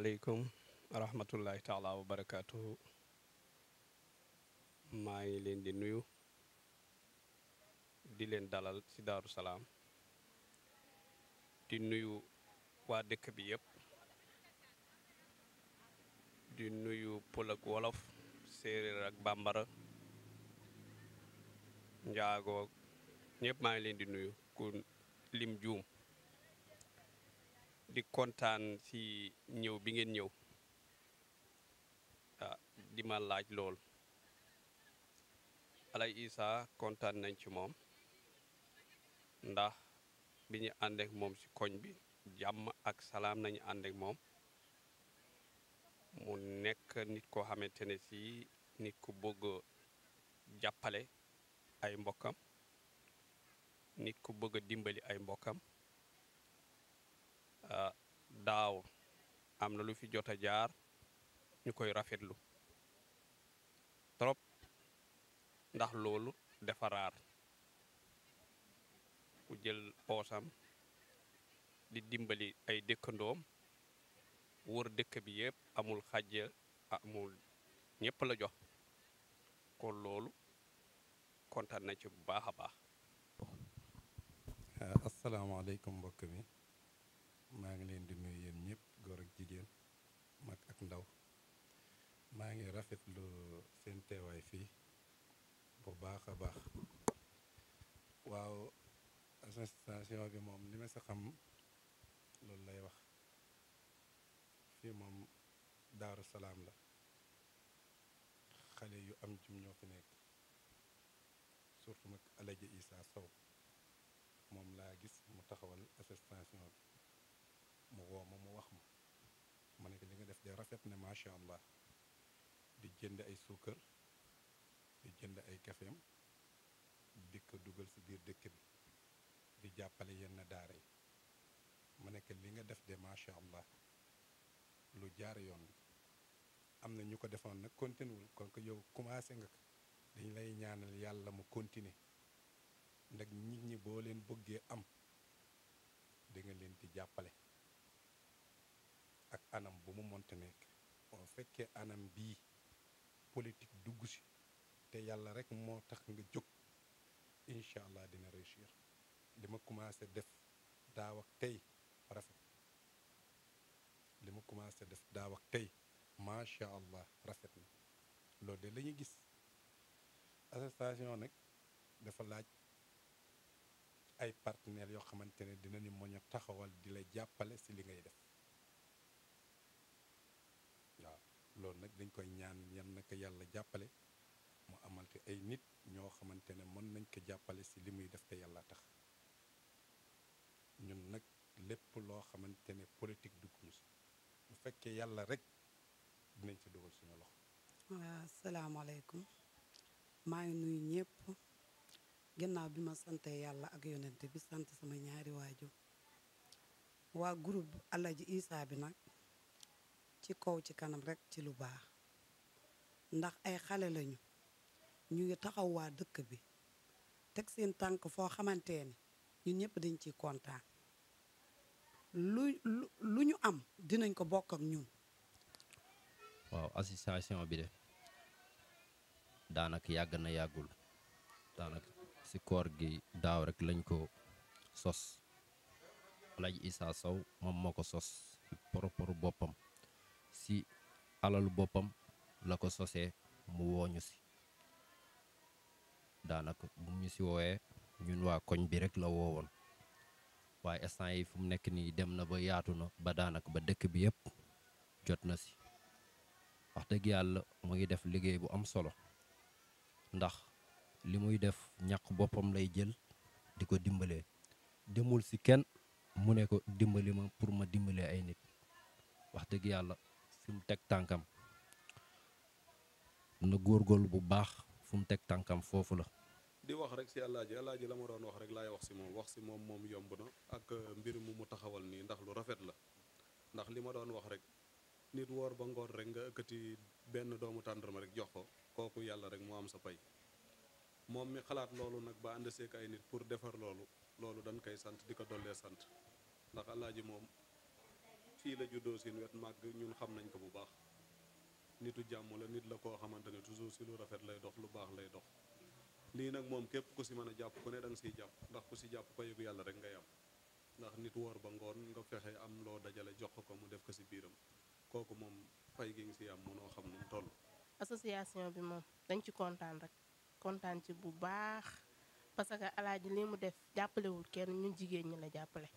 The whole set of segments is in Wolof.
asalaamaaleykum wa rahmatullahi taala wa barakaatu. maa ngi leen di nuyu di leen dalal ci Daaru Salaam di nuyu waa dëkk bi yépp di nuyu pël ak wolof séeréer ak bàmbara njaago ñëpp maa ngi leen di nuyu ku lim juum di kontaan si ñëw bi ngeen ñëw ah ma laaj lool Alay Isa kontaan nañ ci moom ndax bi ñu ànd moom ci koñ bi jàmm ak salaam nañu ànd moom mu nekk nit koo xamante ne si nit ku bëgg jàppale ay mbokkam nit ku bëgg dimbali ay mbokkam Euh, daaw am na lu fi jot a jaar ñu koy rafetlu trop ndax loolu dafa ku jël poosam di dimbali ay dëkkandoom wër dëkk bi yëpp amul xàjja amul ñëpp la jox kon loolu kontaan na ci bu baax a baax. asalaamaaleykum mbokk mi. maa ngi leen di nuyu yéen ñëpp góor ak jigéen mag ak ndaw maa ngi rafetlu seen teewaay fii bu baax a baax waaw association bi moom li ma sa xam loolu lay wax fii moom daaru salaam la xale yu am jum ñoo fi nekk surtout nag alaji Issa Sow moom laa gis mu taxawal association bi mu woo ma mu wax ma mu ne li nga def de rafet ne macha allah di jënd ay suukar di jënd ay kafeem di ko dugal si biir dëkk bi di jàppale yenn daara yi ma ne li nga def de macha allah lu jaar yoon am na ñu ko defoon nag continué wul kon ko yow commencé nga ko dañ lay ñaanal yàlla mu continuer ndax nit ñi boo leen bëggee am di nga leen di jàppale. mu monte nekk boo fekkee anam bi politique dugg si te yàlla rek mo tax nga jóg inshallah dina réussir li ma commencé def daaw tay rafet li ma commencé def daaw tay tey macha allah rafet lo loolu de la gis association nak dafa laaj ay partenaires yo xamante dinañu moñ taxawal di jappalé ci li ngay def loolu nag dañ koy ñaan yan naka yàlla jàppale mu amal ay nit ñoo xamante ne mën nañ ko jàppale si li muy def te yàlla tax ñun nag lépp loo xamante ne politique dugg si bu fekkee yàlla rek dinañ ci dugal suñu loxo. waaw salaamaaleykum maa ngi nuyu ñëpp gennaaw bi ma sante yàlla ak yonent bi sant sama ñaari waajur waa groupe Aladji Issa bi nag. ci kaw ci kanam rekk ci lu baax ndax ay xale lañu ñu ngi taxaw waa dëkk bi teg seen tànk foo xamante ne ñun ñëpp dañ ciy kontaan lu lu ñu am dinañ ko bokk ak ñun. waaw association bi de daanaka yàgg na yàggul daanaka si koor gi daaw rek lañ ko sos Alaaji Issa Sow moom moo ko sos propre boppam. alalu boppam la ko sosee mu wooñu si daanaka bu ñu si woowee ñun waa koñ bi rekk la woowoon waaye instant yi fu mu nekk nii dem na ba yaatu na ba daanaka ba dëkk bi yépp jot na si wax dëgg yàlla mu ngi def liggéey bu am solo ndax li muy def ñaq boppam lay jël di ko dimbalee demul si kenn mu ne ko dimbali ma pour ma dimbalee ay nit wax dëgg yàlla fum tek tankam tànkam gor gol bu bax fum tek tankam fofu la. di wax rek si alaaji alaaji la ma doon wax rek lay wax ci mom wax ci mom mom yomb na ak euh, mbir mu mu taxawal ni ndax lu rafet la ndax lima don wax rek nit wor ba ngor rek nga ëkkati ben doomu tandrama rek jox ko kooku yalla rek mo am sa pay mom mi xalat lolu nak ba ànd seek ay nit pour defar lolu lolu dan kay sante di dolle sante sant ndax alaaji mom fii la juddoo seen wet màgg ñun xam nañ ko bu baax nitu jàmm la nit la koo xamante ne toujours si lu rafet lay dox lu baax lay dox lii nag moom képp ku si mën a jàpp ko ne da nga siy jàpp ndax ku si jàpp ko yëgu yàlla rek nga yàpp ndax nit woor ba ngoon nga fexe am loo dajale jox ko mu def ko si biiram kooku moom fay gi nga si am noo xam nu mu toll association bi moom dañ ci kontaan rek kontaan ci bu baax parce que alaaji li mu def jàppalewul kenn ñun jigéen ñi la jàppale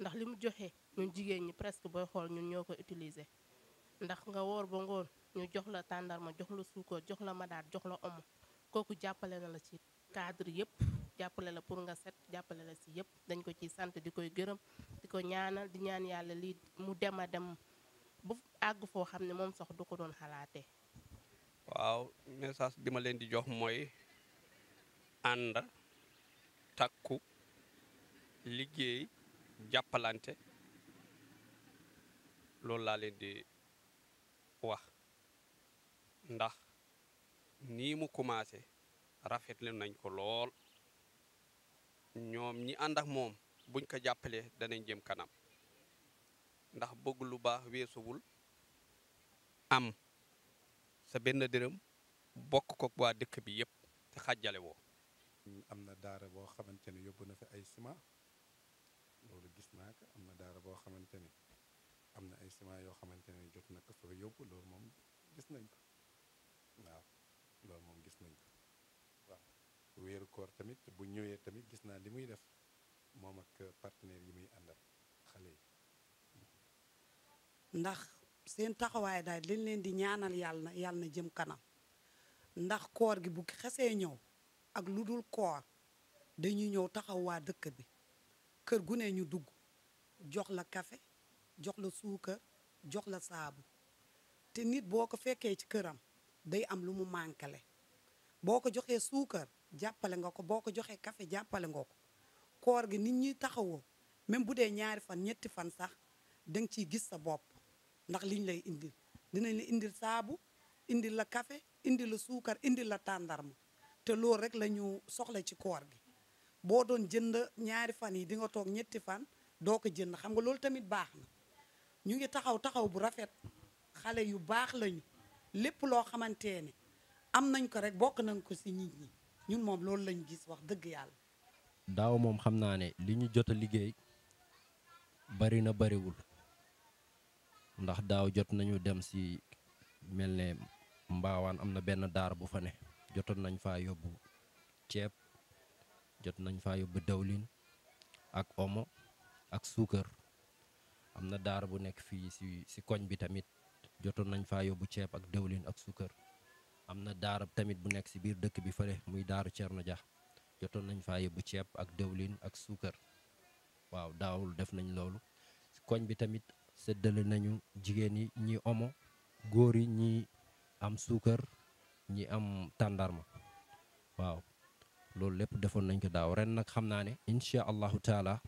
ndax li mu joxe ñun jigéen ñi presque booy xool ñun ñoo ko utiliser ndax nga woor ba ngoon ñu jox la tàndarma jox la suukar jox la madaar jox la omo kooku jàppale na la ci cadre yëpp jàppale la pour nga set jàppale la si yépp dañ ko ci sant di koy gërëm di ko ñaanal di ñaan yàlla lii mu dem a dem bu àgg foo xam ne moom sax du ko doon xalaatee. waaw message bi ma leen di jox mooy ànd takku liggéey jàppalante. loolu laa leen di wax ndax nii mu commencé rafetlu nañ ko lool ñoom ñi ànd ak moom buñ ko jàppalee danañ jëm kanam ndax bëgg lu baax weesuwul am sa benn dërëm bokk ko waa dëkk bi yépp te xàjjale woo. am na daara boo xamante ne yóbbu na fi ay ciment loolu gis naa ko am na daara boo xamante ne. am na ay ciment yoo xamante ne jot na ko fa yóbbu loolu moom gis nañ ko waaw loolu moom gis nañ ko waaw wéeru koor tamit bu ñëwee tamit gis naa li muy def moom ak partenaire yi muy àndal xale yi ndax seen taxawaay daal dañ leen di ñaanal yàlla na yàlla na jëm kanam ndax koor gi bu xesee ñëw ak lu dul koor dañuy ñëw taxaw waa dëkk bi kër gu ne ñu dugg jox la kafe jox la suukar jox la saabu te nit boo ko fekkee ci këram day am lu mu mànkale boo ko joxee suukar jàppale nga ko boo ko joxee café jàppale nga ko koor gi nit ñuy taxawoo même bu dee ñaari fan ñetti fan sax danga ciy gis sa bopp ndax liñ lay indil dinañ la indil saabu indil la kafe indil la suukar indil la tàndarma te loolu rek lañu soxla ci koor gi boo doon jënd ñaari fan yi di nga toog ñetti fan doo ko jënd xam nga loolu tamit baax na ñu ngi taxaw taxaw bu rafet xale yu baax lañu lépp loo xamante ne am nañ ko rek bokk nañ ko ci nit ñi ñun moom loolu lañ gis wax dëgg yàlla. daaw moom xam naa ne li ñu jot a liggéey bari na bariwul ndax daaw jot nañu dem ci mel ne mbaawaan am na benn daar bu fa ne jotoon nañ faa yóbbu ceeb jot nañ faa yóbbu dawlin ak omo ak suukar. am na daara bu nekk fii si koñ bi tamit jotoon nañ faa yóbbu ceeb ak dëwlin ak sukkër am na daara tamit bu nekk ci biir dëkk bi fare muy daaru Cerno Dia jotoon nañ faa yóbbu ceeb ak dëwlin ak sukkër waaw daawul def nañ loolu koñ bi tamit seddale nañu jigéen yi ñi omo góor yi ñi am suukar ñi am tàndarma waaw loolu lépp defoon nañ ko daaw ren nag xam naa ne incha allahu taala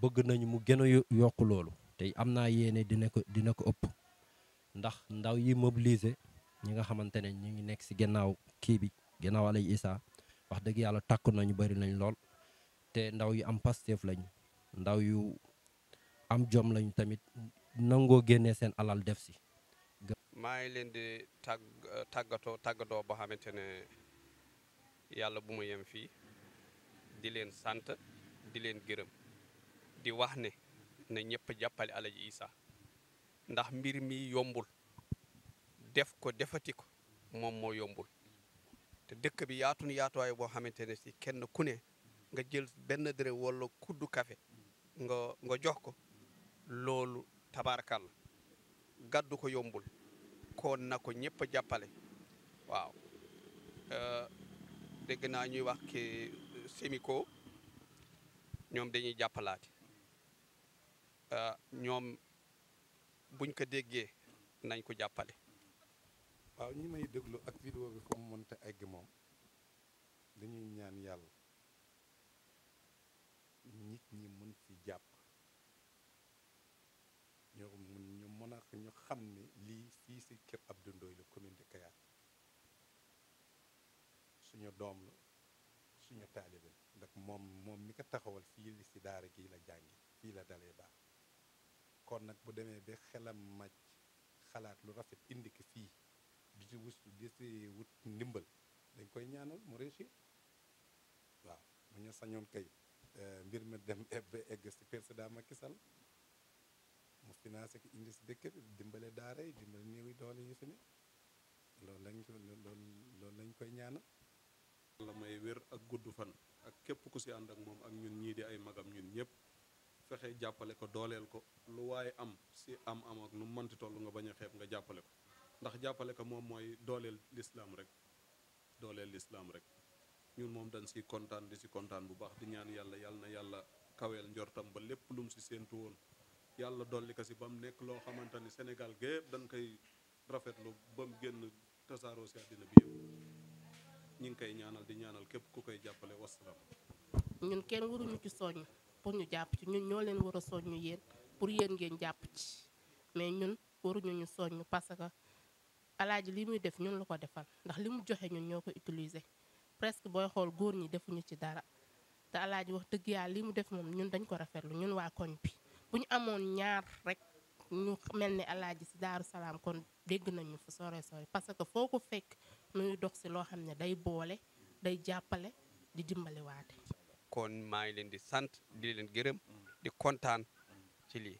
bëgg nañu mu gën a yokk loolu tey am naa yéene dina ko dina ko ëpp ndax ndaw yi mobiliser ñi nga xamante ne ñu ngi nekk si gannaaw kii bi gannaaw alay isa wax dëgg yàlla takku nañu bari nañ lool te ndaw yi am Pastef lañu ndaw yu am jom lañu tamit nangoo génnee seen alal def si. maa ngi leen di tàgg tàggatoo tàggatoo boo xamante ne yàlla bu ma yem fii di leen sant di leen gërëm di wax ne. na ñëpp jàppale alaji isa ndax mbir mi yombul def ko defati ko moom moo yombul te dëkk bi yaatun yaatuwaay boo xamante ne si kenn ku ne nga jël benn dërëm wala kuddu kafe nga nga jox ko loolu tabaarkal gàddu ko yombul kon na ko ñëpp jàppale waaw euh, dégg naa ñuy wax ki Sémico ñoom dañuy jàppalaati Euh, ñoom buñ ko déggee nañ ko jàppale. waaw ñi may déglu ak vidéo bi fu mu mënta egg moom dañuy ñaan yàlla nit ñi mën fi jàpp ñoo mën a xam ni lii fii si Kër ab Ndoye la commune de Kayar suñu doom la suñu taalibe ndax moom moom mi ko taxawal fii si daara gii la jàngi fii la dalee baax kon nag bu demee ba xelam maj xalaat lu rafet indi ki fii di ci wut ndimbal dañ koy ñaanal mu réussir waaw mu ñu sañoon kay euh, mbir mi dem e-, ba egg si président Macky Sall mu financé ko indi si dëkk dimbale daara yi dimbal néew yi doole yi fi ne loolu lañ ko koy ñaanal. la may wér ak gudd fan ak képp ku si ànd ak moom ak ñun ñii di ay magam ñu fexe jàppale ko dooleel ko lu way am si am am ak nu mënti tollu nga baña a nga jàppale ko ndax jàppale ko mom moy dooleel l'islam rek dooleel l'islam rek ñun mom dañ si contane di si contane bu baax di ñaan yalla yalla yalla kawel kaweel njortam ba lepp lu mu si séentu yalla yàlla dolli ko si ba mu nekk loo Senegal ni dañ koy rafetlu ba mu génn tasaaroo si àddina bi yëpp ñing ngi koy ñaanal di ñaanal kep ku koy jàppale wassalam ñun kenn ñu ci soñu pour ñu jàpp ci ñun ñoo leen war a soññu yéen pour yéen ngeen jàpp ci mais ñun waruñu ñu soññu parce que alaaji lii muy def ñun la ko defal ndax li mu joxe ñun ñoo ko utiliser presque booy xool góor ñi defuñu ci dara te alaaji wax dëgg yàlla li mu def moom ñun dañ ko rafetlu ñun waa koñ bi bu ñu amoon ñaar rek ñu mel ni alaaji si daaru salaam kon dégg nañu fu sore sore parce que foo ko fekk muy dox si loo xam ne day boole day jàppale di dimbali waate kon maa ngi leen di sant di leen gërëm mm. di kontaan mm. ci lii